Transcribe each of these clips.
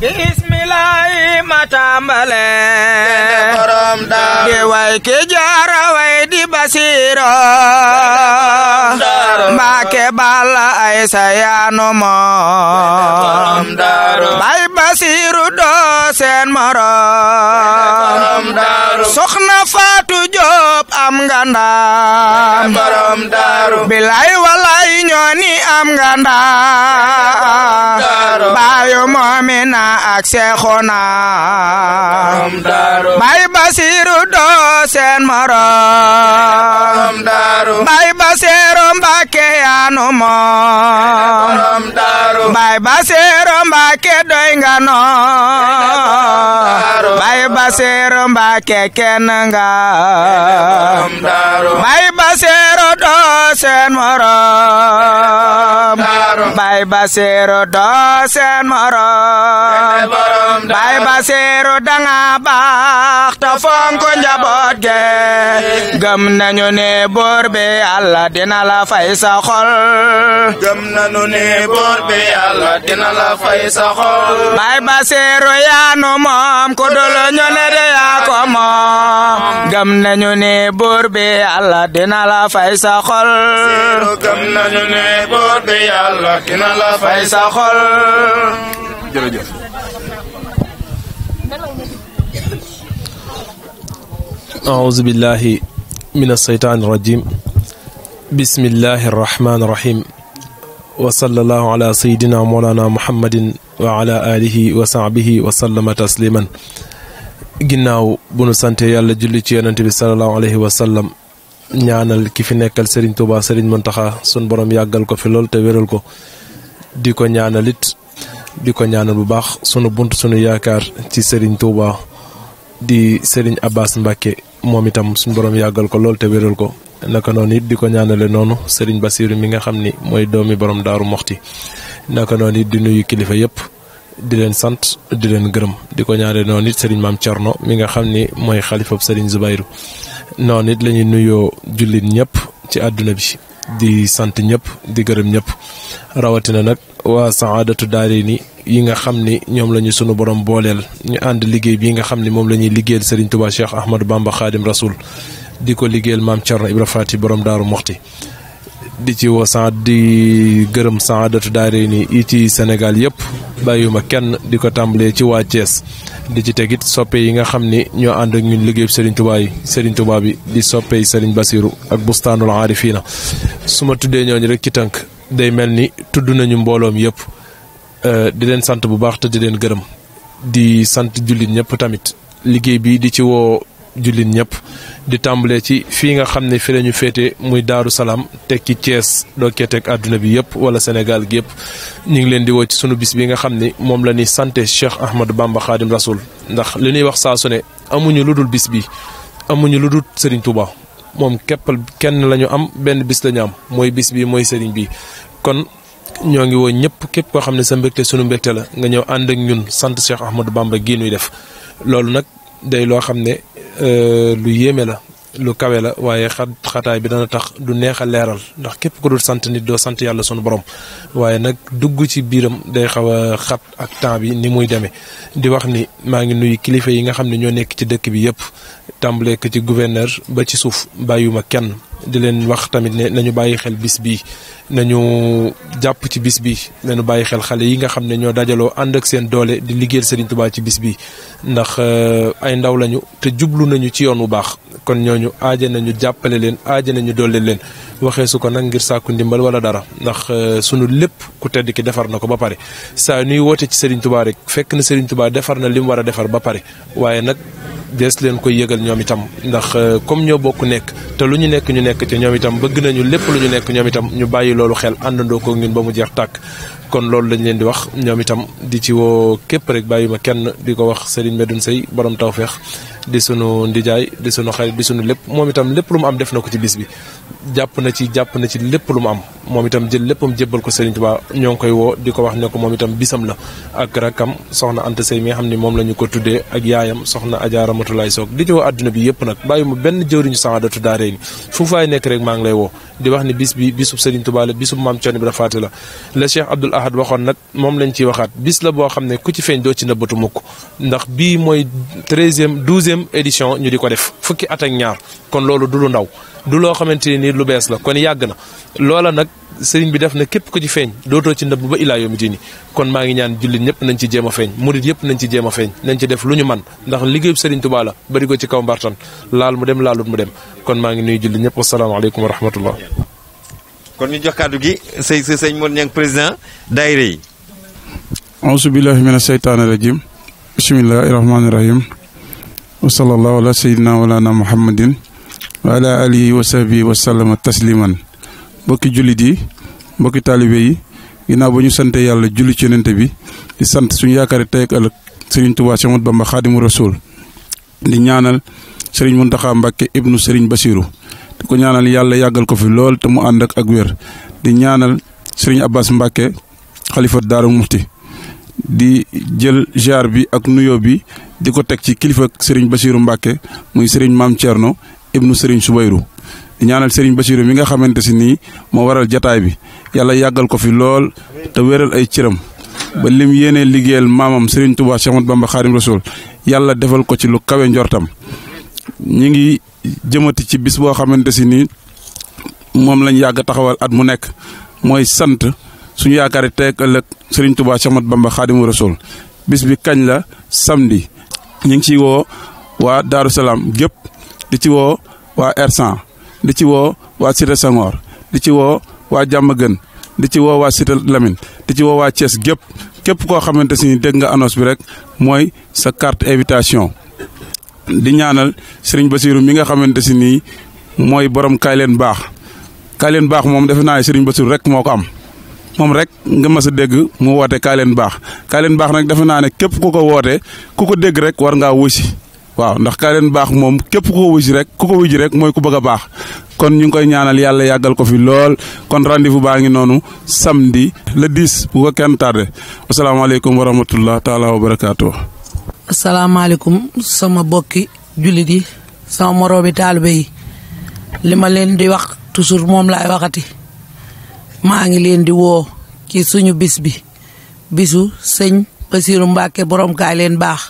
bismillahi ma tàmbale borom daar di way ki jaara way di basiiro mbaake balla ay sayaanu moom bay basiiru doo seen morom soxna faatu jóob am nga ndam borom daaru am nga ndam baayu moomina ak seexuna bay basiru doo seen morom bay basiru Mbàkke yaa nu moom doy nga noo bay Bassirou Mbàkke kenn nga bay Bassirou doo seen moroom bay Basiru doo seen morom bay Basiru danga baax te fonk njaboot ge gëm nañu ne buur bi Yàlla dina la fay sa xol gëm nañu ne buur bi Yàlla dina la fay sa xol bay Basiru ñu ne de buur bi Yàlla dina la fay sa xol gëm nañu ne buur bi Yàlla la fay sa xol أعوذ بالله من الشيطان الرجيم بسم الله الرحمن الرحيم وصلى الله على سيدنا مولانا محمد وعلى آله وصحبه وسلم تسليما جناو بنو nu يالا جولي تي ci yonente bi sallallahu ñaanal ki fi nekkal Serigne Touba Serigne Mountakha sun borom yàggal ko fi lool te wéral ko di ko ñaanal it di ko ñaanal bu baax sunu bunt sunu yaakaar ci Serigne Touba di Serigne Abbas Mbacke moom itam suñu borom yàggal ko lool te wéral ko naka noon it di ko ñaanale noonu Serigne Bassirou mi nga xam ni mooy doomi borom Daaru Moxti naka noon it di nuyu kilifa yëpp. di leen sant di leen gërëm di ko ñaare noonu it sëriñ maam Thierno mi nga xam ni mooy xalifab sëriñ Zubayru noonu it lañuy nuyoo jullit ñëpp ci àdduna bi di sant ñëpp di gërëm ñëpp rawatina nag waa saadatu daari ni yi nga xam ni ñoom la ñu sunu borom booleel ñu ànd liggéey bii nga xam ni moom la ñuy liggéeyal sëriñ Tuubaa Cheikh Ahmadou Bamba Xaadim Rasoul di ko liggéeyal maam Thierno Ibra Faati borom daaru moxti di ci woo sant di gërëm sant datu daare ni i ci Sénégal yëpp bàyyiwuma kenn di ko tàmbalee ci waa Thiès di ci tegit soppe yi nga xam ni ñoo ànd ak ñun liggéey Serigne Touba yi bi di soppe Serigne Bassirou ak bustaanul aarifiina su ma tuddee ñooñu rek ci tënk day mel ni tudd nañu mbooloom yëpp di leen sant bu baax te di leen gërëm di sant jullit ñëpp tamit liggéey bii di ci woo jullit ñëpp di tàmbalee ci fii nga xam ne fi la ñu féete muy Daaru Salaam teg ci Thiès doo kee àdduna bi yëpp wala Sénégal gi yëpp ñu ngi leen di woo ci sunu bis bi nga xam ne moom la ñuy sant Cheikh Ahmadou Bamba Khadim Rasoul ndax li ñuy wax saa ne amuñu lu dul bis bi amuñu lu dul Serigne Touba moom képpal kenn la ñu am benn bis la am mooy bis bi mooy Serigne bi kon ñoo ngi woo ñëpp képp koo xam ne sa mbégte sunu mbégte la nga ñëw ànd ak ñun sant Cheikh Ahmadou Bamba gii nuy def loolu nag loo xam ne Euh, lu yéeme la lu kawe la waaye xat xataay bi dana tax du neex a leeral ndax képp ko dul sant nit doo sant yàlla sunu borom waaye nag dugg ci biiram day xaw a xat ak temps bi ni muy demee di wax ni maa ngi nuyu kilifa yi nga xam ne ñoo nekk ci dëkk bi yëpp tàmbalee ci gouverneur ba ci suuf bàyyuma kenn di leen wax tamit ne nañu bàyyi xel bis bi nañu jàpp ci bis bi nañu bàyyi xel xale yi nga xam ne ñoo dajaloo ànd ak seen doole di liggéeyal Serigne Touba ci bis bi ndax euh, ay ndaw lañu te jublu nañu ci yoon wu baax kon ñooñu aaja nañu jàppale leen aaja nañu doole leen. waxee su ko nag ngir sàkku ndimbal wala dara ndax euh, sunu lépp ku tedd ki defar na ko ba pare saa nuy woote ci Serigne Touba rek fekk na Serigne tubaa defar na li mu war a defar ba pare waaye nag dees leen koy yëgal ñoom itam ndax euh, comme ñoo bokk nekk te lu ñu nekk ñu nekk ci ñoom itam bëgg nañu lépp lu ñu nekk ñoom itam ñu bàyyi loolu xel àndandoo ko ñun ba mu jeex tàkk kon loolu lañ leen di wax ñoom itam di ci woo képp rek bàyyi ma kenn di ko wax Serigne Medoune Seye borom tawfeex di sunu ndijaay di sunu xarit di sunu lépp moom itam lépp lu mu am def na ko ci bis bi jàpp na ci jàpp na ci lépp lu mu am moom itam jël léppam jébbal ko Serigne Touba ñoo ngi koy woo di ko wax ne ko moom itam bisam la ak rakkam soxna Anta Sey mi nga xam ne moom la ñu ko tuddee ak yaayam soxna Adja Ramatulaay Soog di ci woo àdduna bi yëpp nag bàyyi mu benn jëwriñu Sahadatou Darayni fu faay nekk rek maa ngi lay woo di wax ni bis bi bisub Serigne Touba la bisub maam Thierno Ibrahima Faty la la Cheikh Abdoul Ahad waxoon nag moom lañ ciy waxaat bis la boo xam ne ku ci feeñ doo ci nëbbatu mukk ndax bii mooy treizième douzième édition ñu di ko def fukki at ak ñaar kon loolu du lu ndaw du loo xamante nii lu bees la kon yàgg na loola nag sëriñ bi def na képp ko ci feeñ dootoo ci nëbb ba ilaa yoomi diini kon maa ngi ñaan jullit ñëpp nañ ci jéem a feeñ murit yëpp nañ ci jéem a feeñ nañ ci def lu ñu man ndax liggéeyub sëriñ Tuubaa la bari ko ci kaw mbartan laal mu dem laalut mu dem kon maa ngi nuy jullit ñëpp wasalaamaaleykum wa rahmatullah kon ñu jox gi sëy sëy sëñ Mor Niang président daayira yi auzu billahi mina seytaani rajim bismillahi rahmaani rahim wa sallallahu ala sayyidina wa lana muhammadin wa ala alihi wa sahbihi wa sallama mbokki jullit yi mbokki taalibe yi ginnaaw ba ñu santee yàlla julli ci yonente bi di sant suñ yaakaar tey ak ëllëg sëriñ Tuubaa Séex Ahmadu Bamba Xaadimu Rasuul di ñaanal sëriñ Muntaxa Mbàkke ibnu sëriñ Basiru di ko ñaanal yàlla yàggal ko fi lool te mu ànd ak ak wér di ñaanal sëriñ Abbas Mbàkke xalifa Daaru Muxti di jël ziar bi ak nuyoo bi di ko teg ci kilifa sëriñ Basiru Mbàkke muy sëriñ Maam Cerno ibnu Serigne Soubayrou di ñaanal Serigne Bassirou mi nga xamante si nii moo waral jataay bi yàlla yàggal ko fi lool te wéral ay cëram ba lim yéenee liggéeyal maamam Serigne Touba Cheikh Ahmadou Bamba Khadim Rasoul yàlla defal ko ci lu kawe njortam ñi ngi jëmati ci bis boo xamante si nii moom lañu yàgg taxawal at mu nekk mooy sant suñu yaakaari tey ak ëllëg Serigne Touba Cheikh Ahmadou Bamba Khadim Rasoul bis bi kañ la samedi ñu ngi ciy woo waa Daaru gépp di ci woo waa R100 di ci woo waa Cité Senghor di ci woo waa Diamaguène di ci woo waa Cité Lamine di ci woo waa Thiès gépp képp koo xamante si dégg nga annonce bi rek mooy sa carte invitation di ñaanal Serigne Bassirou mi nga xamante si mooy borom baax baax moom defe naa Serigne Bassirou rek moo ko am mom rek nga mas a dégg mu woote kaay leen baax kaay leen baax nag defe naa ne képp ku ko woote ku ko dégg rek war ngaa wusi waaw ndax kaaren baax moom képp ku ko wuj rek ku ko wuj rek mooy ku bëgg a kon ñu ngi koy ñaanal yàlla yàggal ko fi lool kon rendez-vous baa ngi noonu samedi le 10 bu ko kenn tardé asalaamaaleykum wa rahmatullah taala wa barakaatu asalaamaaleykum sama bokki julit yi sama moroomi taalibe yi li ma leen di wax toujours moom laay waxati maa ngi leen di woo ci suñu bis bi bisu sëñ basiru mbàkke borom kaay leen baax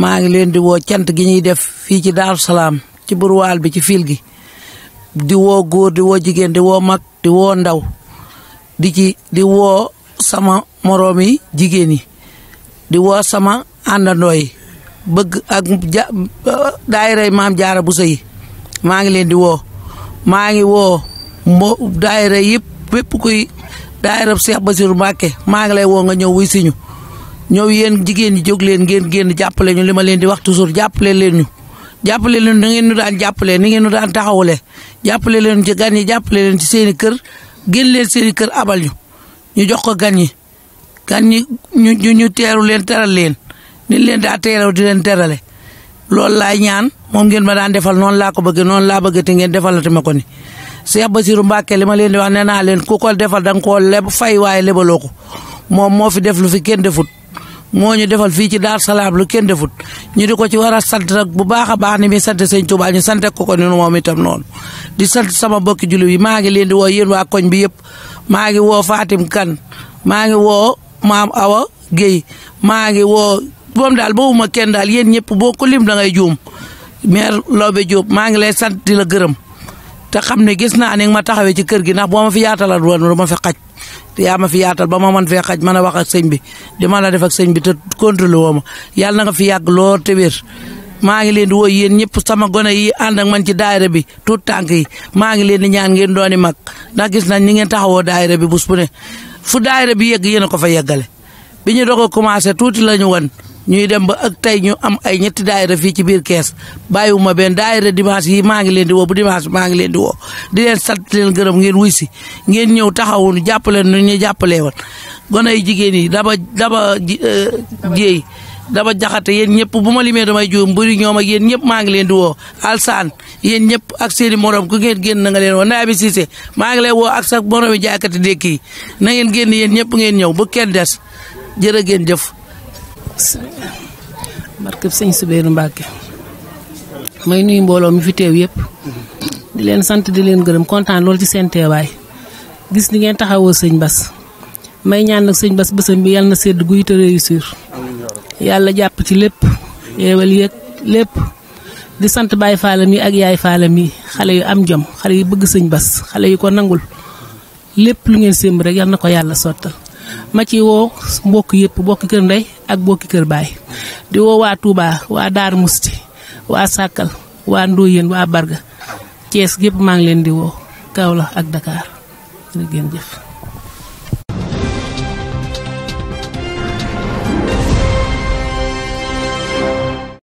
maa ngi leen di woo cant gi ñuy def fii ci Daaru Salaam ci burwaal bi ci fil gi di woo góor di woo jigéen di woo mag di woo ndaw di ci di woo sama moroom yi jigéen yi di woo sama àndandoo yi bëgg ak ja maam jaara bu sa yi maa ngi leen di woo maa ngi woo mbo daayira yëpp bépp kuy daayira Seex Basiru Mbàkke maa ngi lay woo nga ñëw wuy siñu ñëw yéen jigéen ñi jóg leen ngeen génn jàppale ñu li ma leen di wax toujours jàppale leen ñu jàppale leen da ngeen ñu daan jàppale ni ngeen ñu daan taxawale jàppale leen ci gan yi jàppale leen ci seen i kër génn leen seen i kër abal ñu ñu jox ko gan yi gan ñi ñu ñu teeru leen teral leen ni leen daa teeraw di leen terale loolu laay ñaan moom ngeen ma daan defal noonu laa ko bëggee noonu laa bëgg te ngeen defalati ma ko ni Cheikh Bassirou Mbacké li ma leen di wax nee naa leen ku ko defal da nga koo leb fay waaye lebaloo ko moom moo fi def lu fi kenn defut moo ñu defal fii ci Daar Salaam lu kenn defut ñu di ko ci war a sant nag bu baax a baax ni muy sant sëñ Tuubaa ñu sante ko ko ni moom itam noonu di sant sama bokki jullit yi maa ngi leen di woo yéen waa koñ bi yëpp maa ngi woo Fatim Kan maa ngi woo maam Awa Guèye maa ngi woo moom daal boobu ma kenn daal yéen ñëpp boo ko lim da ngay juum maire Lawbe Diop maa ngi lay sant di la gërëm te xam ne gis naa ne ma taxawee ci kër gi ndax boo ma fi yaatalal woon du ma fi xaj yaa ma fi yaatal ba ma mën fee xaj mën a wax ak sëñ bi di mën a def ak sëñ bi te contrôlé woo ma yàlla na nga fi yàgg lool te wér maa ngi leen di woo yéen ñëpp sama gone yi ànd ak man ci daayira bi tout tànk yi maa ngi leen di ñaan ngeen dooni mag ndax gis nañ ni ngeen taxawoo daayira bi bus bu ne fu daayira bi yegg yéen a ko fa yeggale bi ñu doog a commencé tuuti la ñu wan ñuy dem ba ak tey ñu am ay ñetti daayira fii ci biir kees bàyyiwuma benn daayira dimanche yi maa ngi leen di woo bu dimanche maa ngi leen di woo di leen sant leen gërëm ngeen wuy si ngeen ñëw taxawuñu jàppale nu ñu jàppalee woon gone yu jigéen yi daba daba jéey euh, daba jaxate yéen ñëpp bu ma limee damay juum buri ñoom ak yéen ñëpp maa ngi leen di woo alsaan yéen ñëpp ak seeni morom ku ngeen génn na nga leen woo ndaa bi maa ngi lay woo ak sa moromi jaaykati dékk na ngeen génn yéen ñëpp ngeen ñëw bu kenn des jërë ngeen jëf. barkeb sëñ Soubéry Mbacke may nuyu mbooloo mi fi teew yëpp. di leen sant di leen gërëm kontaan lool ci seen teewaay. gis ni ngeen taxawoo sëñ Bas. may ñaan nag sëñ Bas bësam bi yàlla na sedd guy te réussir. yàlla jàpp ci lépp. yeewal yëg lépp. di sant baay faalam yi ak yaay faalam yi xale yu am jom xale yu bëgg sëñ Bas xale yi ko nangul lépp lu ngeen sémb rek yal na ko yàlla sottal. ma ci woo mbokk yëpp mbokki kër ndey ak mbokki kër baay di woo waa Touba waa Daaru Musti waa Sàkkal waa Ndoyeen waa Barga Thiès gépp maa ngi leen di woo Kaolack ak Dakar